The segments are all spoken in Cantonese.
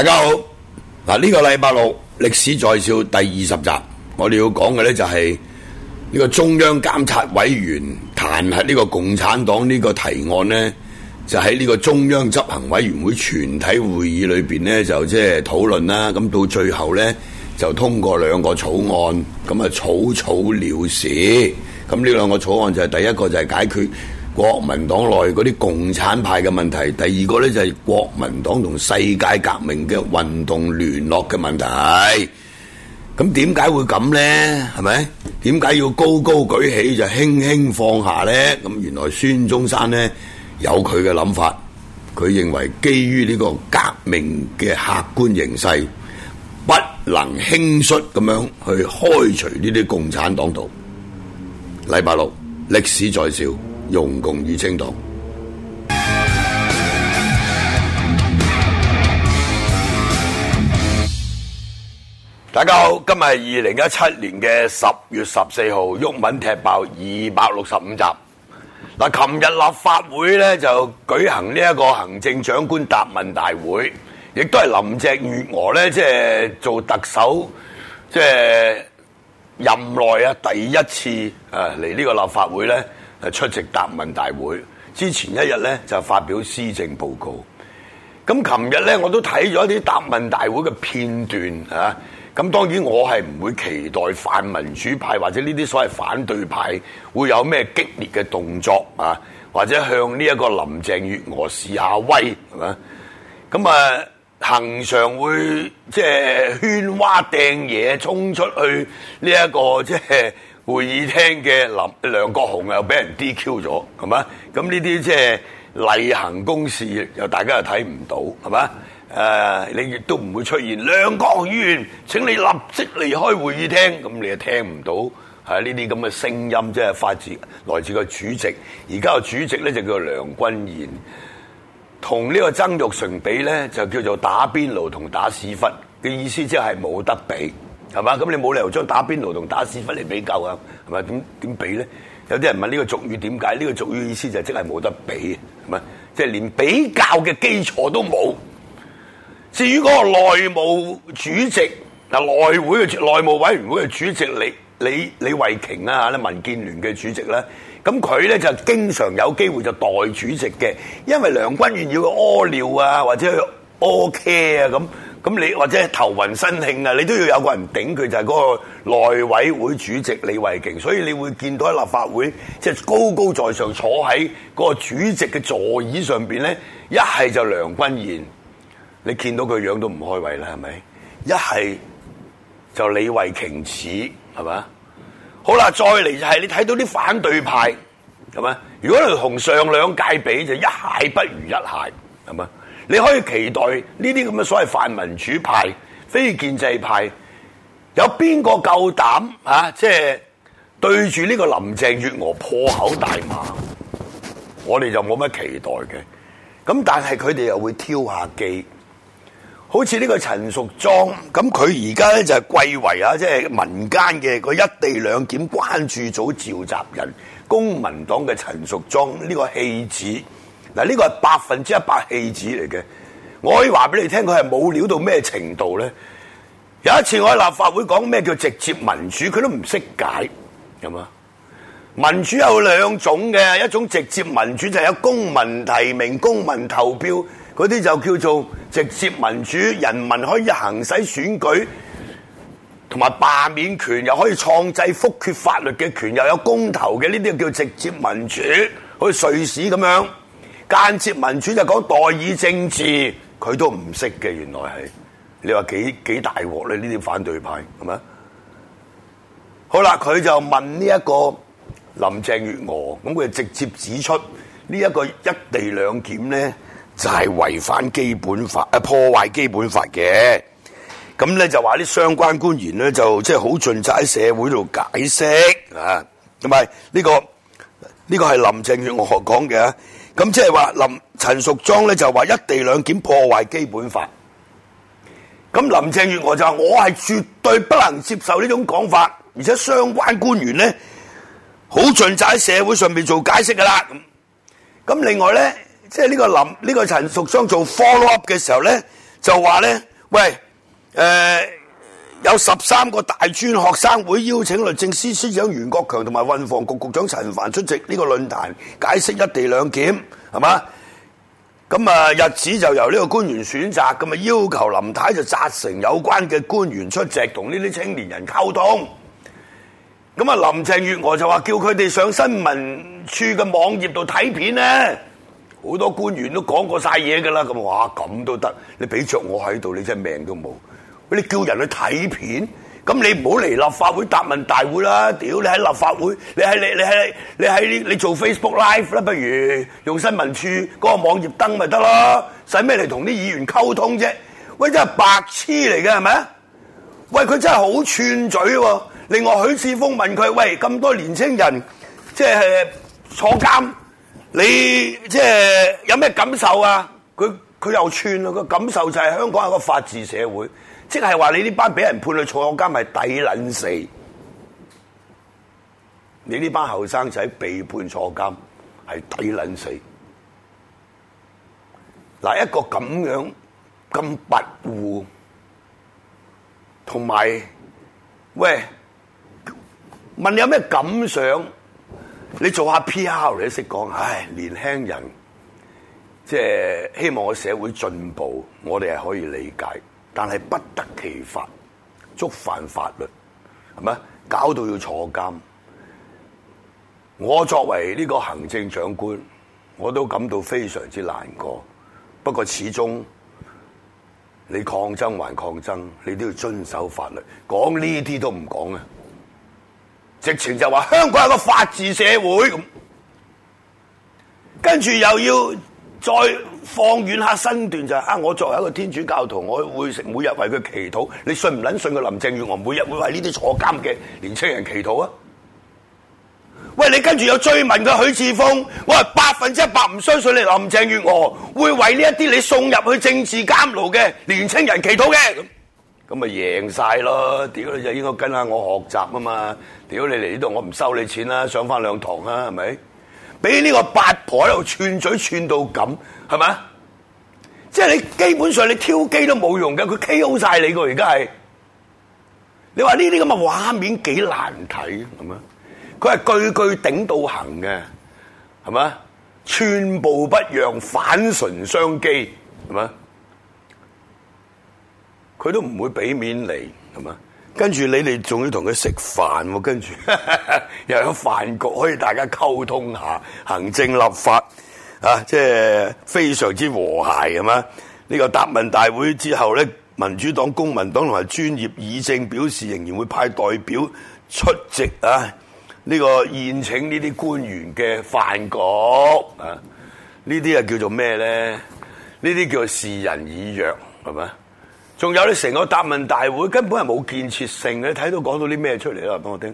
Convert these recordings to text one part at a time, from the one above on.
大家好，嗱、這、呢個禮拜六歷史在笑第二十集，我哋要講嘅呢就係呢個中央監察委員彈劾呢個共產黨呢個提案呢就喺呢個中央執行委員會全體會議裏邊呢，就即係討論啦，咁到最後呢，就通過兩個草案，咁啊草草了事，咁呢兩個草案就係第一個就係解決。國民黨內嗰啲共產派嘅問題，第二個咧，就係國民黨同世界革命嘅運動聯絡嘅問題。咁點解會咁咧？係咪？點解要高高舉起就輕輕放下呢？咁原來孫中山咧，有佢嘅諗法。佢認為基於呢個革命嘅客觀形勢，不能輕率咁樣去開除呢啲共產黨徒。禮拜六歷史在笑。用共與清同，大家好，今日係二零一七年嘅十月十四號，毓民踢爆二百六十五集。嗱，琴日立法會咧就舉行呢一個行政長官答問大會，亦都係林鄭月娥咧，即係做特首，即係任內啊，第一次啊嚟呢個立法會咧。出席答問大會之前一日咧，就發表施政報告。咁琴日咧，我都睇咗啲答問大會嘅片段嚇。咁當然我係唔會期待泛民主派或者呢啲所謂反對派會有咩激烈嘅動作啊，或者向呢一個林鄭月娥示下威係咪？咁啊，恒常會即係喧嘩掟嘢，衝出去呢、這、一個即係。就是會議廳嘅林梁國雄又俾人 DQ 咗，係嘛？咁呢啲即係例行公事，又大家又睇唔到，係嘛？誒、呃，你亦都唔會出現梁國雄議員，請你立即離開會議廳，咁你又聽唔到係呢啲咁嘅聲音，即係發自來自個主席。而家個主席咧就叫梁君彥，同呢個曾鈺成比咧，就叫做打邊爐同打屎忽嘅意思，即係冇得比。係嘛？咁你冇理由將打邊爐同打屎忽嚟比較啊？係咪點點比咧？有啲人問呢個俗語點解？呢個俗語意思就係即係冇得比，係咪？即係連比較嘅基礎都冇。至於嗰個內務主席嗱，內會嘅內務委員會嘅主席李李李慧瓊啊，咧民建聯嘅主席咧，咁佢咧就經常有機會就代主席嘅，因為梁君彥要屙尿啊，或者去屙茄啊咁。咁你或者頭暈身興啊，你都要有個人頂佢，就係嗰個內委會主席李慧瓊。所以你會見到喺立法會即係高高在上坐喺嗰個主席嘅座椅上邊咧，一係就梁君彥，你見到佢樣都唔開胃啦，係咪？一係就李慧瓊似，係咪？好啦，再嚟就係你睇到啲反對派，係嘛？如果你同上兩屆比，就一蟹不如一蟹，係嘛？你可以期待呢啲咁嘅所謂泛民主派、非建制派，有邊個夠膽啊？即係對住呢個林鄭月娥破口大罵，我哋就冇乜期待嘅。咁但係佢哋又會挑下機，好似呢個陳淑莊，咁，佢而家咧就係貴為啊，即係民間嘅一地兩檢關注組召集人、公民黨嘅陳淑莊呢個戲子。嗱，呢個係百分之一百戲子嚟嘅。我可以話俾你聽，佢係冇料到咩程度咧？有一次我喺立法會講咩叫直接民主，佢都唔識解，啊？民主有兩種嘅，一種直接民主就係有公民提名、公民投票嗰啲，就叫做直接民主，人民可以行使選舉同埋罷免權，又可以創制、覆決法律嘅權，又有公投嘅，呢啲叫直接民主，好似瑞士咁樣。間接民主就講代議政治，佢都唔識嘅。原來係你話幾幾大鑊咧？呢啲反對派係咪？好啦，佢就問呢一個林鄭月娥，咁佢就直接指出呢一個一地兩檢咧，就係啊，違反基本法、破壞基本法嘅。咁咧就話啲相關官員咧就即係好盡責喺社會度解釋啊，同埋呢個呢，呢個係林鄭月娥講嘅。咁即係話林陳淑莊咧就話一地兩檢破壞基本法，咁林鄭月娥就話我係絕對不能接受呢種講法，而且相關官員咧好盡責喺社會上面做解釋噶啦咁。咁另外咧，即係呢個林呢個陳淑莊做 follow up 嘅時候咧，就話咧，喂誒。有十三個大專學生會邀請律政司司長袁國強同埋運防局局長陳帆出席呢個論壇，解釋一地兩檢係嘛？咁啊，日子就由呢個官員選擇，咁啊要求林太就責成有關嘅官員出席，同呢啲青年人溝通。咁啊，林鄭月娥就話叫佢哋上新聞處嘅網頁度睇片咧，好多官員都講過晒嘢噶啦。咁話咁都得？你俾著我喺度，你真係命都冇。你叫人去睇片，咁你唔好嚟立法會答問大會啦。屌你喺立法會，你喺你你喺你喺你，你，你，你，你做 Facebook Live 啦，不如用新聞處嗰個網頁登咪得咯。使咩嚟同啲議員溝通啫？喂，真係白痴嚟嘅係咪啊？喂，佢真係好串嘴喎。另外，許智峯問佢，喂，咁多年青人即係、就是、坐監，你即係、就是、有咩感受啊？佢佢又串咯，佢感受就係香港係一個法治社會，即係話你呢班俾人判去坐監咪抵撚死！你呢班後生仔被判坐監係抵撚死！嗱，一個咁樣咁跋扈，同埋喂，問你有咩感想？你做下 PR 你都識講，唉，年輕人。即係希望個社會進步，我哋係可以理解，但係不得其法，觸犯法律，係咪？搞到要坐監，我作為呢個行政長官，我都感到非常之難過。不過始終，你抗爭還抗爭，你都要遵守法律。講呢啲都唔講啊！直情就話香港係個法治社會咁，跟住又要。再放軟下身段就係、是、啊！我作為一個天主教徒，我會每日為佢祈禱。你信唔撚信佢林鄭月娥？每日會為呢啲坐監嘅年青人祈禱啊！喂，你跟住有追問佢許智峰，我係百分之一百唔相信你林鄭月娥會為呢一啲你送入去政治監牢嘅年青人祈禱嘅。咁咪贏晒咯？屌你就應該跟下我學習啊嘛！屌你嚟呢度，我唔收你錢啦，上翻兩堂啦，係咪？俾呢個八婆喺度串嘴串到咁，係咪？即係你基本上你挑機都冇用㗎。佢 K O 晒你個，而家係。你話呢啲咁嘅畫面幾難睇，係咪？佢係句句頂到行嘅，係咪？寸步不讓，反唇相譏，係咪？佢都唔會俾面你，係咪？跟住你哋仲要同佢食飯，跟住 又有飯局可以大家溝通下，行政立法啊，即係非常之和諧，係嘛？呢個答問大會之後咧，民主黨、公民黨同埋專業議政表示仍然會派代表出席啊！呢個宴請呢啲官員嘅飯局啊，呢啲啊叫做咩咧？呢啲叫做示人以弱，係嘛？仲有你成個答問大會根本係冇建設性嘅，你睇到講到啲咩出嚟啦？等我聽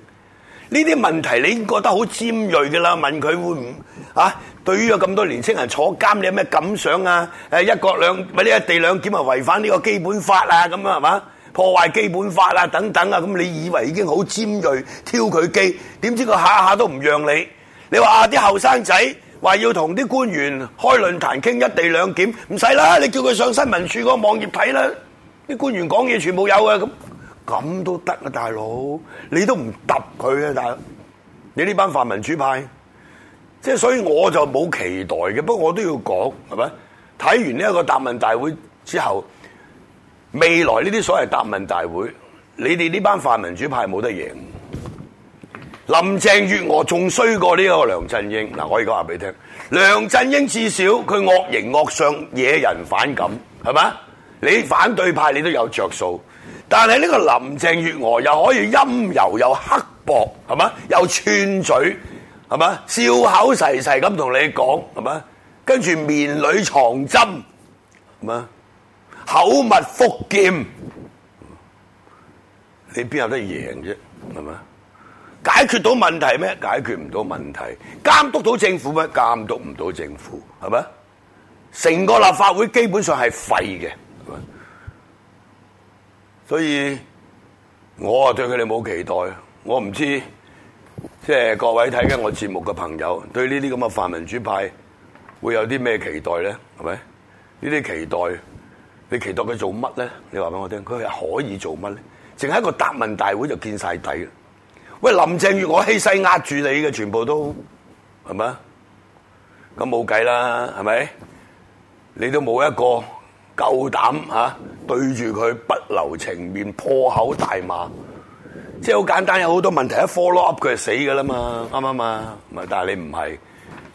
呢啲問題，你已經覺得好尖銳噶啦？問佢會唔啊？對於有咁多年青人坐監，你有咩感想啊？誒一國兩咪呢一地兩檢啊，違反呢個基本法啊，咁啊係嘛？破壞基本法啊，等等啊，咁你以為已經好尖銳挑佢機？點知佢下下都唔讓你？你話啊啲後生仔話要同啲官員開論壇傾一地兩檢，唔使啦，你叫佢上新聞處個網頁睇啦。啲官員講嘢全部有嘅，咁，咁都得啊，大佬！你都唔答佢啊，大佬，你呢班泛民主派，即係，所以我就冇期待嘅。不過我都要講，係咪？睇完呢一個答問大會之後，未來呢啲所謂答問大會，你哋呢班泛民主派冇得贏。林鄭月娥仲衰過呢個梁振英嗱，我而家話俾你聽，梁振英至少佢惡形惡相，惹人反感，係咪？你反對派你都有着數，但係呢個林鄭月娥又可以陰柔又刻薄，係嘛？又串嘴，係嘛？笑口噬噬咁同你講，係嘛？跟住綿裏藏針，係嘛？口蜜腹劍，你邊有得贏啫？係嘛？解決到問題咩？解決唔到問題。監督到政府咩？監督唔到政府，係嘛？成個立法會基本上係廢嘅。所以我啊對佢哋冇期待，我唔知即係各位睇緊我節目嘅朋友對呢啲咁嘅泛民主派會有啲咩期待咧？係咪呢啲期待？你期待佢做乜咧？你話俾我聽，佢係可以做乜咧？淨係一個答問大會就見晒底啦！喂，林鄭月，我氣勢壓住你嘅，全部都係咪？咁冇計啦，係咪？你都冇一個。夠膽嚇，對住佢不留情面破口大罵，即係好簡單，有好多問題一 follow up 佢就死㗎啦嘛，啱唔啱啊？唔 但係你唔係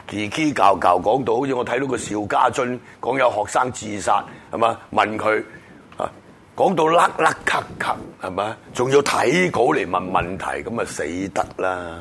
奇奇教教講到，好似我睇到個邵家俊講有學生自殺係嘛？問佢啊講到甩甩咳咳係嘛？仲要睇稿嚟問問題咁啊死得啦！